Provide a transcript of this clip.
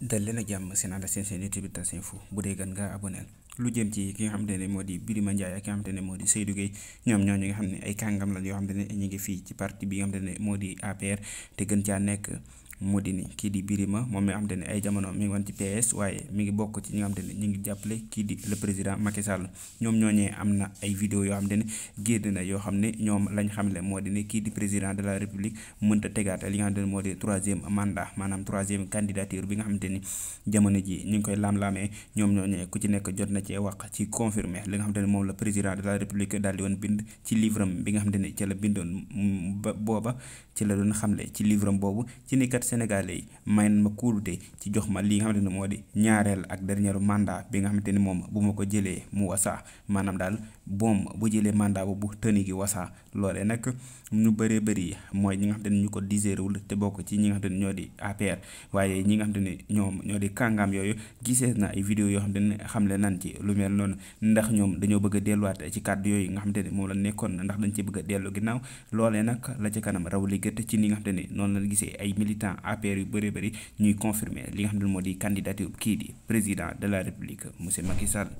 dal leen jàmm seen ànd seen seen YouTube tas info bu dee gan nga aboneel lu jëm ci ki nga xamante ne moo di Birima Ndiaye ak ki nga xamante ne moo di Seydou Gueye ñoom ñoo ñi nga xam ne ay kàngam lañ yoo xamante ne ñu ngi fii ci parti bi nga xamante ne moo di APR te gën caa nekk moo di ni kii di Birima moom mi nga xamante ne ay jamono mi ngi woon ngi bokk ci ñi nga xamante ne ñu ngi jàppale kii di le président Macky Sall ñoom ñooñee am na ay vidéo yoo xamante ne génn na yoo xam ne ñoom lañ xamle moo di ne kii di président de la république mënta tegaat li nga xamante ne moo di troisième mandat maanaam troisième candidature bi nga xamante ni jamono ji ñu ngi koy laam-laamee ñoom ñooñee ku ci nekk jot na cee wax ci confirmer li nga xamante ne moom la président de la république daal di woon bind ci livre am bi nga xamante ne ca la bindoon mm, ba booba ci la doon xamle ci livre boobu ci ni sénégalais yi ma nañ ma kóolute ci jox ma li nga xamante ne moo di ñaareel ak dernier mandat bi nga xamante ni moom bu ma ko jëlee mu wasaa maanaam daal boom bu jëlee mandat bu tëni gi wasaa loolee nag ñu bëree bëri mooy ñi nga xamante ni ñu ko digéréwul te bokk ci ñi nga xamante ñoo di APR waaye ñi nga xamante ni ñoom ñoo di kàngaam yooyu gisee na ay vidéo yoo xamante ni xamle nan ci lu mel noonu ndax ñoom dañoo bëgg a delluwaat ci kàddu yooyu nga xamante ni moom la nekkoon ndax dañ ci bëgg a dellu ginnaaw loolee nag la ci kanam raw li gët ci ni nga xamante ni noonu la gisee ay militant APR yu bëri bëri ñuy confirmer li nga xam ne moo di candidature kii di président de la république monsieur Macky Sall.